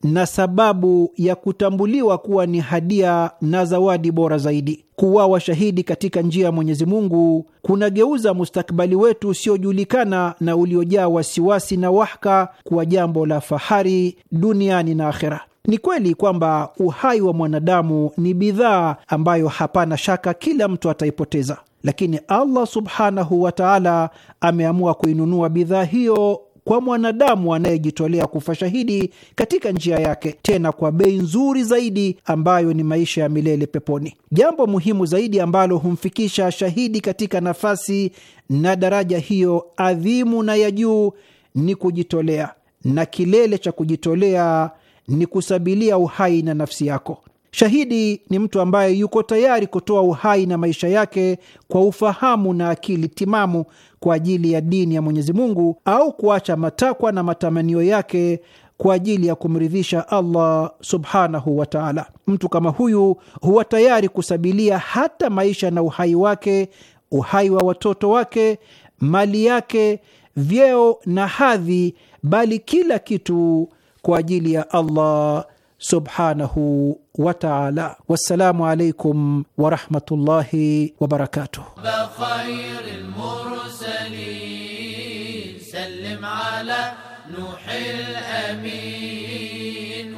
Speaker 5: na sababu ya kutambuliwa kuwa ni hadia na zawadi bora zaidi. Kuwawa shahidi katika njia ya Mwenyezi Mungu kunageuza mustakbali wetu usiojulikana na uliojaa wasiwasi na wahaka kuwa jambo la fahari duniani na akhera. Ni kweli kwamba uhai wa mwanadamu ni bidhaa ambayo hapana shaka kila mtu ataipoteza, lakini Allah subhanahu wa taala ameamua kuinunua bidhaa hiyo kwa mwanadamu anayejitolea kufa shahidi katika njia yake, tena kwa bei nzuri zaidi, ambayo ni maisha ya milele peponi. Jambo muhimu zaidi ambalo humfikisha shahidi katika nafasi na daraja hiyo adhimu na ya juu ni kujitolea, na kilele cha kujitolea ni kusabilia uhai na nafsi yako. Shahidi ni mtu ambaye yuko tayari kutoa uhai na maisha yake kwa ufahamu na akili timamu kwa ajili ya dini ya Mwenyezi Mungu au kuacha matakwa na matamanio yake kwa ajili ya kumridhisha Allah subhanahu wa taala. Mtu kama huyu huwa tayari kusabilia hata maisha na uhai wake, uhai wa watoto wake, mali yake, vyeo na hadhi, bali kila kitu kwa ajili ya Allah subhanahu wa taala. Wassalamu alaikum warahmatullahi wabarakatuh.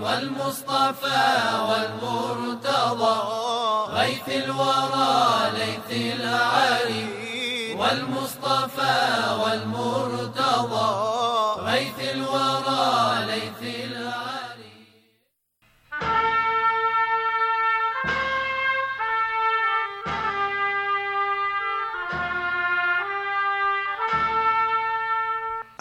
Speaker 3: والمصطفى
Speaker 2: والمرتضى غيث الورى ليث العري والمصطفى والمرتضى غيث الورى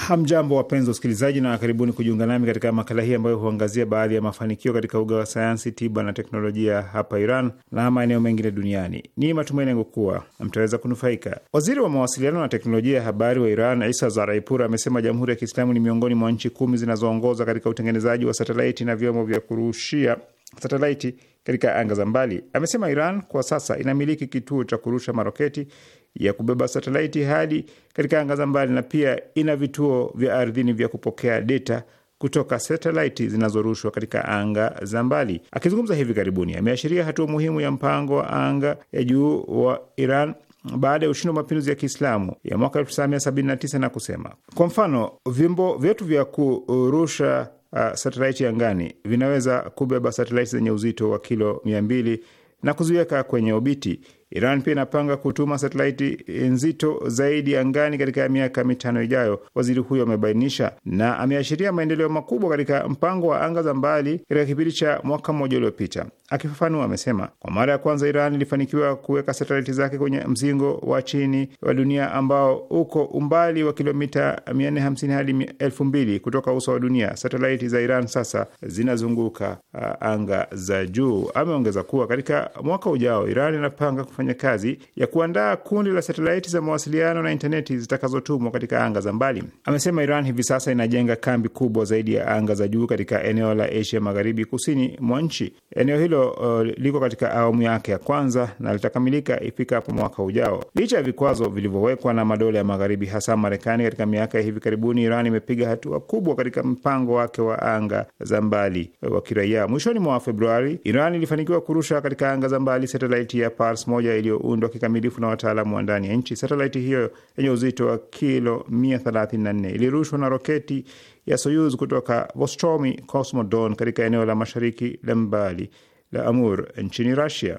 Speaker 6: Hamjambo, wapenzi wa usikilizaji na karibuni kujiunga nami katika makala hii ambayo huangazia baadhi ya mafanikio katika uga wa sayansi, tiba na teknolojia hapa Iran na maeneo mengine duniani. Ni matumaini yangu kuwa mtaweza kunufaika. Waziri wa mawasiliano na teknolojia ya habari wa Iran, Isa Zaraipur, amesema Jamhuri ya Kiislamu ni miongoni mwa nchi kumi zinazoongoza katika utengenezaji wa satelaiti na vyombo vya kurushia satelaiti katika anga za mbali. Amesema Iran kwa sasa inamiliki kituo cha kurusha maroketi ya kubeba satelaiti hadi katika anga za mbali na pia ina vituo vya ardhini vya kupokea data kutoka satelaiti zinazorushwa katika anga za mbali. Akizungumza hivi karibuni, ameashiria hatua muhimu ya mpango wa anga ya juu wa Iran baada ya ushindi wa mapinduzi ya Kiislamu ya mwaka 1979 na kusema, kwa mfano, vyombo vyetu vya kurusha uh, satelaiti angani vinaweza kubeba satelaiti zenye uzito wa kilo 200 na kuziweka kwenye obiti. Iran pia inapanga kutuma satelaiti nzito zaidi angani katika miaka mitano ijayo, waziri huyo amebainisha, na ameashiria maendeleo makubwa katika mpango wa anga za mbali katika kipindi cha mwaka mmoja uliopita. Akifafanua, amesema kwa mara ya kwanza Iran ilifanikiwa kuweka satelaiti zake kwenye mzingo wa chini wa dunia ambao uko umbali wa kilomita 450 hadi 2000 kutoka uso wa dunia. Satelaiti za Iran sasa zinazunguka uh, anga za juu. Ameongeza kuwa katika mwaka ujao Iran inapanga kufanya kufanya kazi ya kuandaa kundi la satelaiti za mawasiliano na intaneti zitakazotumwa katika anga za mbali. Amesema Iran hivi sasa inajenga kambi kubwa zaidi ya anga za juu katika eneo la Asia Magharibi, kusini mwa nchi. Eneo hilo uh, liko katika awamu yake ya kwanza na litakamilika ifikapo mwaka ujao. Licha ya vikwazo vilivyowekwa na madola ya Magharibi, hasa Marekani, katika miaka ya hivi karibuni, Iran imepiga hatua kubwa katika mpango wake wa anga za mbali uh, wa kiraia. Mwishoni mwa Februari, Iran ilifanikiwa kurusha katika anga za mbali satelaiti ya Pars moja iliyoundwa kikamilifu na wataalamu wa ndani ya nchi. Satelaiti hiyo yenye uzito wa kilo 134 ilirushwa na roketi ya Soyuz kutoka vostomi cosmodon katika eneo la mashariki la mbali la Amur nchini Russia.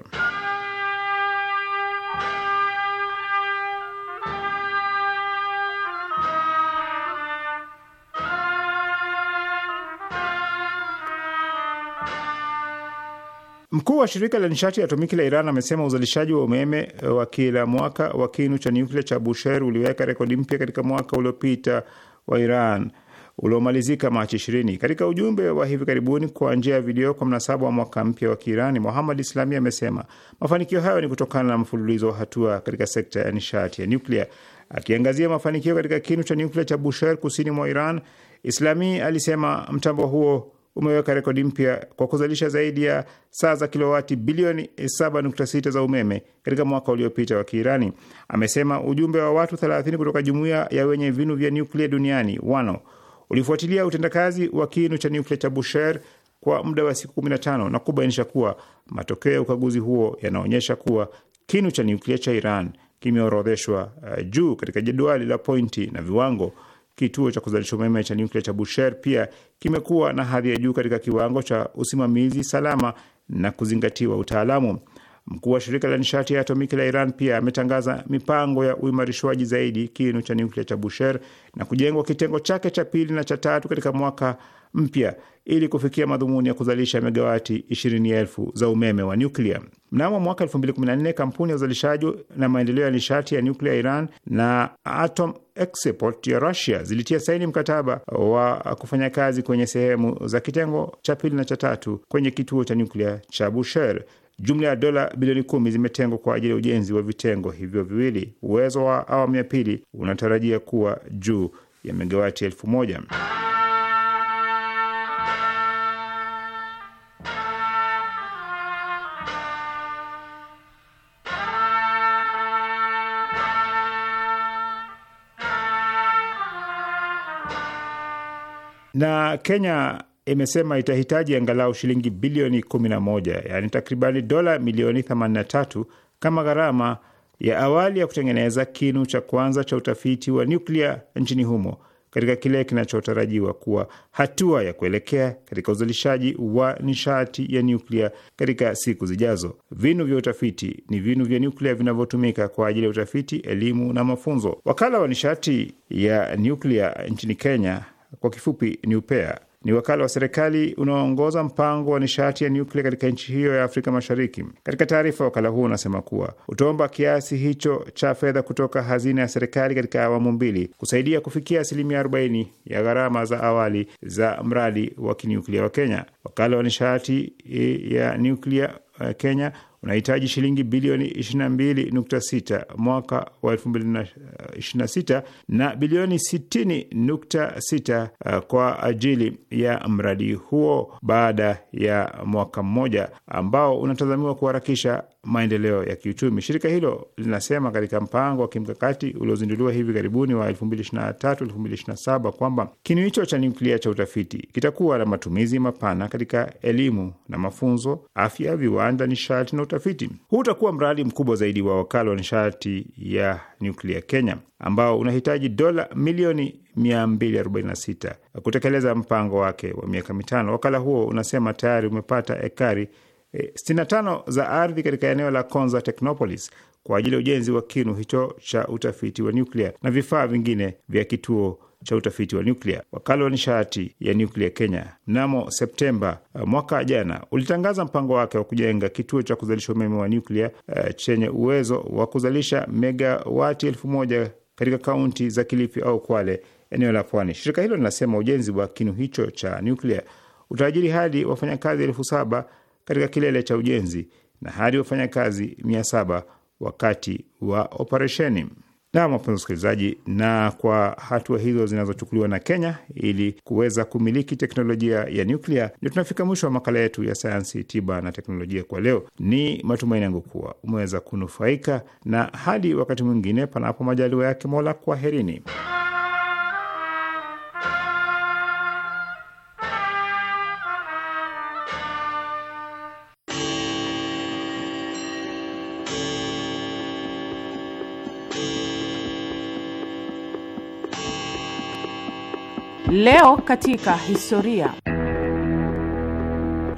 Speaker 6: Mkuu wa shirika la nishati ya atomiki la Iran amesema uzalishaji wa umeme eh, wa kila mwaka wa kinu cha nyuklia cha Bushehr uliweka rekodi mpya katika mwaka uliopita wa Iran uliomalizika Machi ishirini. Katika ujumbe wa hivi karibuni kwa njia ya video kwa mnasaba wa mwaka mpya wa Kiirani, Mohamad Islami amesema mafanikio hayo ni kutokana na mfululizo wa hatua katika sekta ya nishati ya nyuklia. Akiangazia mafanikio katika kinu cha nyuklia cha Bushehr kusini mwa Iran, Islami alisema mtambo huo umeweka rekodi mpya kwa kuzalisha zaidi ya saa za kilowati bilioni 7.6 za umeme katika mwaka uliopita wa Kiirani. Amesema ujumbe wa watu 30 kutoka jumuiya ya wenye vinu vya nyuklia duniani wano ulifuatilia utendakazi wa kinu cha nyuklia cha Bushehr kwa muda wa siku 15 na kubainisha kuwa matokeo ya ukaguzi huo yanaonyesha kuwa kinu cha nyuklia cha Iran kimeorodheshwa uh, juu katika jedwali la pointi na viwango Kituo cha kuzalisha umeme cha nyuklia cha Busher pia kimekuwa na hadhi ya juu katika kiwango cha usimamizi salama na kuzingatiwa utaalamu. Mkuu wa shirika la nishati ya atomiki la Iran pia ametangaza mipango ya uimarishwaji zaidi kinu cha nyuklia cha Busher na kujengwa kitengo chake cha pili na cha tatu katika mwaka mpya ili kufikia madhumuni ya kuzalisha megawati 20,000 za umeme wa nyuklia. Mnamo mwaka 2014 kampuni ya uzalishaji na maendeleo ya nishati ya nyuklia Iran na Atom Export ya Russia zilitia saini mkataba wa kufanya kazi kwenye sehemu za kitengo cha pili na cha tatu kwenye kituo cha nyuklia cha Bushehr. Jumla ya dola bilioni kumi zimetengwa kwa ajili ya ujenzi wa vitengo hivyo viwili. Uwezo wa awamu ya pili unatarajia kuwa juu ya megawati elfu moja. na Kenya imesema itahitaji angalau shilingi bilioni 11 yani takribani dola milioni 83 kama gharama ya awali ya kutengeneza kinu cha kwanza cha utafiti wa nyuklia nchini humo katika kile kinachotarajiwa kuwa hatua ya kuelekea katika uzalishaji wa nishati ya nyuklia katika siku zijazo. Vinu vya utafiti ni vinu vya nyuklia vinavyotumika kwa ajili ya utafiti, elimu na mafunzo. Wakala wa nishati ya nyuklia nchini Kenya kwa kifupi NUPEA ni wakala wa serikali unaoongoza mpango wa nishati ya nyuklia katika nchi hiyo ya Afrika Mashariki. Katika taarifa, wakala huo unasema kuwa utaomba kiasi hicho cha fedha kutoka hazina ya serikali katika awamu mbili kusaidia kufikia asilimia 40 ya gharama za awali za mradi wa kinyuklia wa Kenya. Wakala wa nishati ya nyuklia eh, Kenya unahitaji shilingi bilioni 22.6 mwaka wa 2026 eh, na bilioni 60.6 eh, kwa ajili ya mradi huo baada ya mwaka mmoja ambao unatazamiwa kuharakisha maendeleo ya kiuchumi. Shirika hilo linasema katika mpango wa kimkakati uliozinduliwa hivi karibuni wa 2023-2027 kwamba kinu hicho cha nyuklia cha utafiti kitakuwa na matumizi mapana katika elimu na mafunzo, afya, viwanda, nishati na utafiti utafiti. Huu utakuwa mradi mkubwa zaidi wa wakala wa nishati ya nyuklia Kenya ambao unahitaji dola milioni 246 kutekeleza mpango wake wa miaka mitano. Wakala huo unasema tayari umepata ekari 65 eh, za ardhi katika eneo la Konza Technopolis kwa ajili ya ujenzi wa kinu hicho cha utafiti wa nyuklia na vifaa vingine vya kituo cha utafiti wa nyuklia. Wakala wa nishati ya nyuklia Kenya mnamo Septemba eh, mwaka jana ulitangaza mpango wake wa kujenga kituo cha kuzalisha umeme wa nyuklia uh, chenye uwezo wa kuzalisha megawati elfu moja katika kaunti za Kilifi au Kwale, eneo la pwani. Shirika hilo linasema ujenzi wa kinu hicho cha nyuklia utaajiri hadi wafanyakazi elfu saba katika kilele cha ujenzi na hadi wafanyakazi mia saba wakati wa operesheni. Nam, wapenzi wasikilizaji, na kwa hatua hizo zinazochukuliwa na Kenya ili kuweza kumiliki teknolojia ya nyuklia, ndio tunafika mwisho wa makala yetu ya sayansi, tiba na teknolojia kwa leo. Ni matumaini yangu kuwa umeweza kunufaika, na hadi wakati mwingine, panapo majaliwa yake Mola, kwaherini.
Speaker 7: Leo katika historia.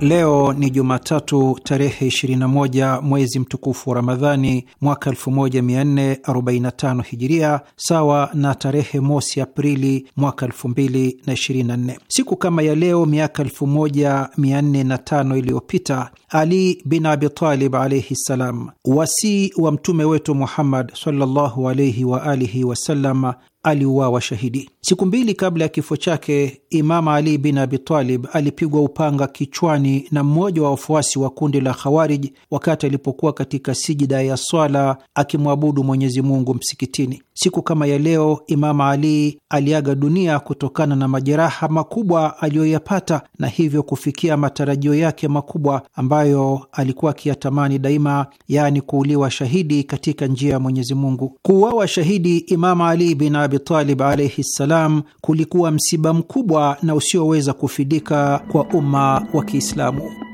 Speaker 5: Leo ni Jumatatu tarehe 21 mwezi mtukufu wa Ramadhani mwaka 1445 Hijiria, sawa na tarehe mosi Aprili mwaka 2024. Siku kama ya leo miaka 1405 iliyopita, Ali bin Abitalib alaihi ssalam, wasii wa mtume wetu Muhammad sallallahu alaihi waalihi wasallam aliuawa shahidi. Siku mbili kabla ya kifo chake, Imam Ali bin Abi Talib alipigwa upanga kichwani na mmoja wa wafuasi wa kundi la Khawarij wakati alipokuwa katika sijida ya swala akimwabudu Mwenyezi Mungu msikitini. Siku kama ya leo, Imam Ali aliaga dunia kutokana na majeraha makubwa aliyoyapata na hivyo kufikia matarajio yake makubwa ambayo alikuwa akiyatamani daima, yaani kuuliwa shahidi katika njia ya Mwenyezi Mungu. Kuuawa shahidi Imam Ali bin Abi Talib alaihi ssalam kulikuwa msiba mkubwa na usioweza kufidika kwa umma wa Kiislamu.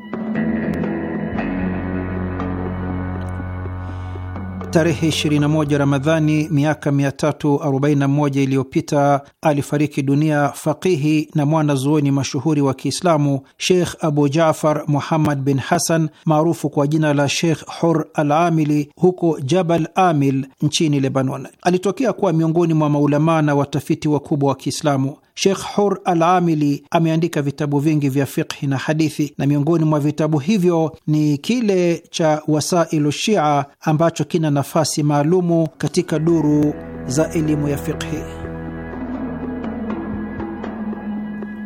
Speaker 5: Tarehe 21 Ramadhani miaka 341 iliyopita alifariki dunia faqihi na mwanazuoni mashuhuri wa Kiislamu Sheikh Abu Jafar Muhammad bin Hassan maarufu kwa jina la Sheikh Hur al Amili huko Jabal Amil nchini Lebanon. Alitokea kuwa miongoni mwa maulamaa na watafiti wakubwa wa Kiislamu. Sheikh Hur al Amili ameandika vitabu vingi vya fiqhi na hadithi, na miongoni mwa vitabu hivyo ni kile cha Wasailu Shia ambacho kina nafasi maalumu katika duru za elimu ya fiqhi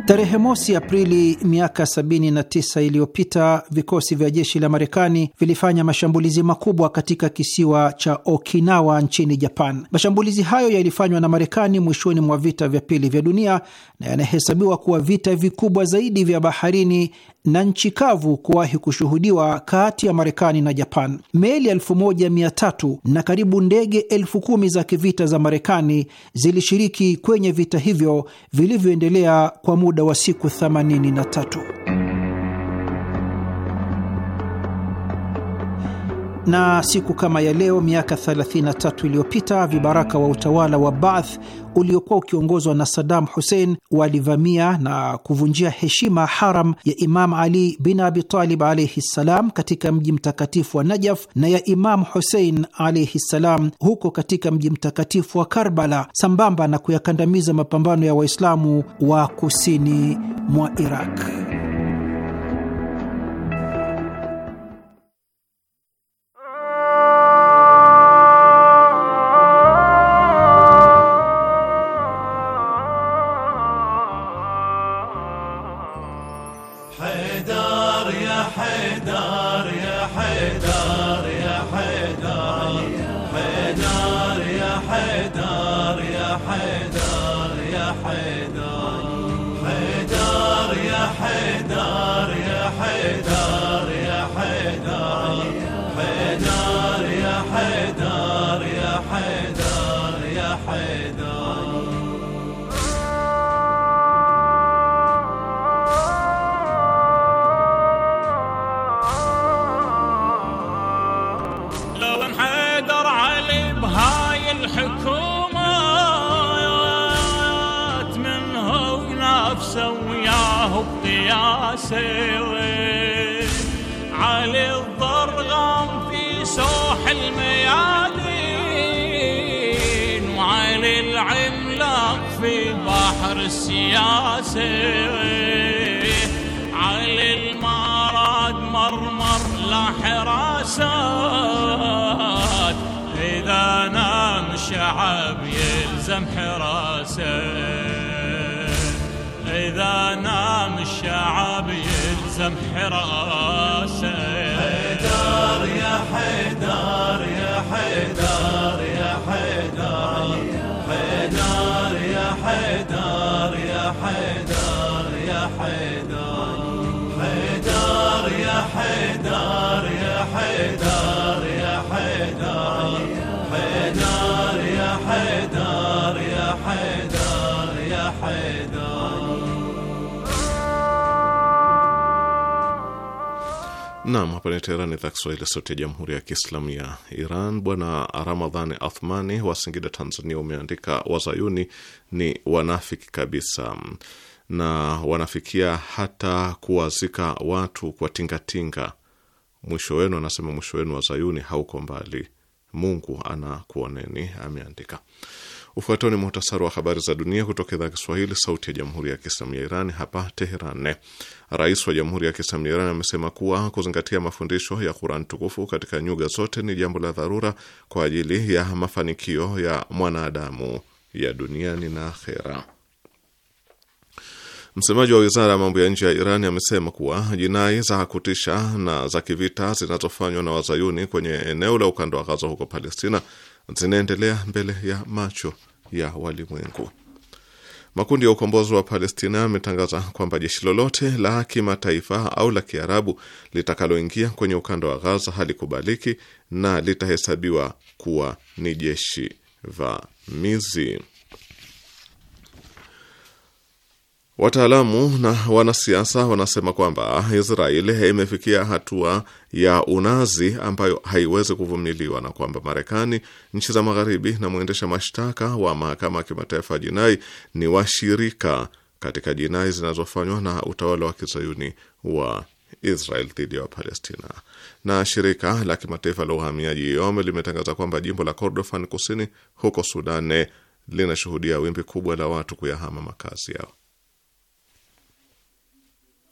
Speaker 5: Tarehe mosi Aprili miaka 79 iliyopita vikosi vya jeshi la Marekani vilifanya mashambulizi makubwa katika kisiwa cha Okinawa nchini Japan. Mashambulizi hayo yalifanywa na Marekani mwishoni mwa vita vya pili vya dunia na yanahesabiwa kuwa vita vikubwa zaidi vya baharini na nchi kavu kuwahi kushuhudiwa kati ya Marekani na Japan. Meli 1300 na karibu ndege 10000 za kivita za Marekani zilishiriki kwenye vita hivyo vilivyoendelea kwa muda wa siku 83. na siku kama ya leo miaka 33 iliyopita vibaraka wa utawala wa Baath uliokuwa ukiongozwa na Saddam Hussein walivamia na kuvunjia heshima haram ya Imam Ali bin Abi Talib alaihi ssalam katika mji mtakatifu wa Najaf na ya Imam Hussein alaihi ssalam huko katika mji mtakatifu wa Karbala, sambamba na kuyakandamiza mapambano ya Waislamu wa kusini mwa Iraq.
Speaker 3: حدا
Speaker 1: Nam, hapa ni Teherani, idhaa Kiswahili, sauti ya jamhuri ya kiislamu ya Iran. Bwana Ramadhani Athmani wa Singida, Tanzania, umeandika wazayuni ni wanafiki kabisa na wanafikia hata kuwazika watu kwa tingatinga. Mwisho wenu, anasema mwisho wenu wazayuni hauko mbali, Mungu anakuoneni, ameandika Ufuatao ni muhtasari wa habari za dunia kutoka idhaa Kiswahili sauti ya jamhuri ya kiislamu ya Iran hapa Teheran. Rais wa jamhuri ya kiislamu ya Iran amesema kuwa kuzingatia mafundisho ya Quran tukufu katika nyuga zote ni jambo la dharura kwa ajili ya mafanikio ya mwanadamu ya duniani na akhera. Msemaji wa wizara ya mambo ya nje ya Iran amesema kuwa jinai za kutisha na za kivita zinazofanywa na wazayuni kwenye eneo la ukanda wa Gaza huko Palestina zinaendelea mbele ya macho ya walimwengu. Makundi ya ukombozi wa Palestina yametangaza kwamba jeshi lolote la kimataifa au la kiarabu litakaloingia kwenye ukanda wa Ghaza halikubaliki na litahesabiwa kuwa ni jeshi vamizi. Wataalamu na wanasiasa wanasema kwamba Israeli imefikia hatua ya unazi ambayo haiwezi kuvumiliwa na kwamba Marekani, nchi za Magharibi na mwendesha mashtaka wa mahakama ya kimataifa ya jinai ni washirika katika jinai zinazofanywa na utawala wa kizayuni wa Israel dhidi ya Wapalestina. Na shirika la kimataifa la uhamiaji Yome limetangaza kwamba jimbo la Kordofan kusini huko Sudan linashuhudia wimbi kubwa la watu kuyahama makazi yao.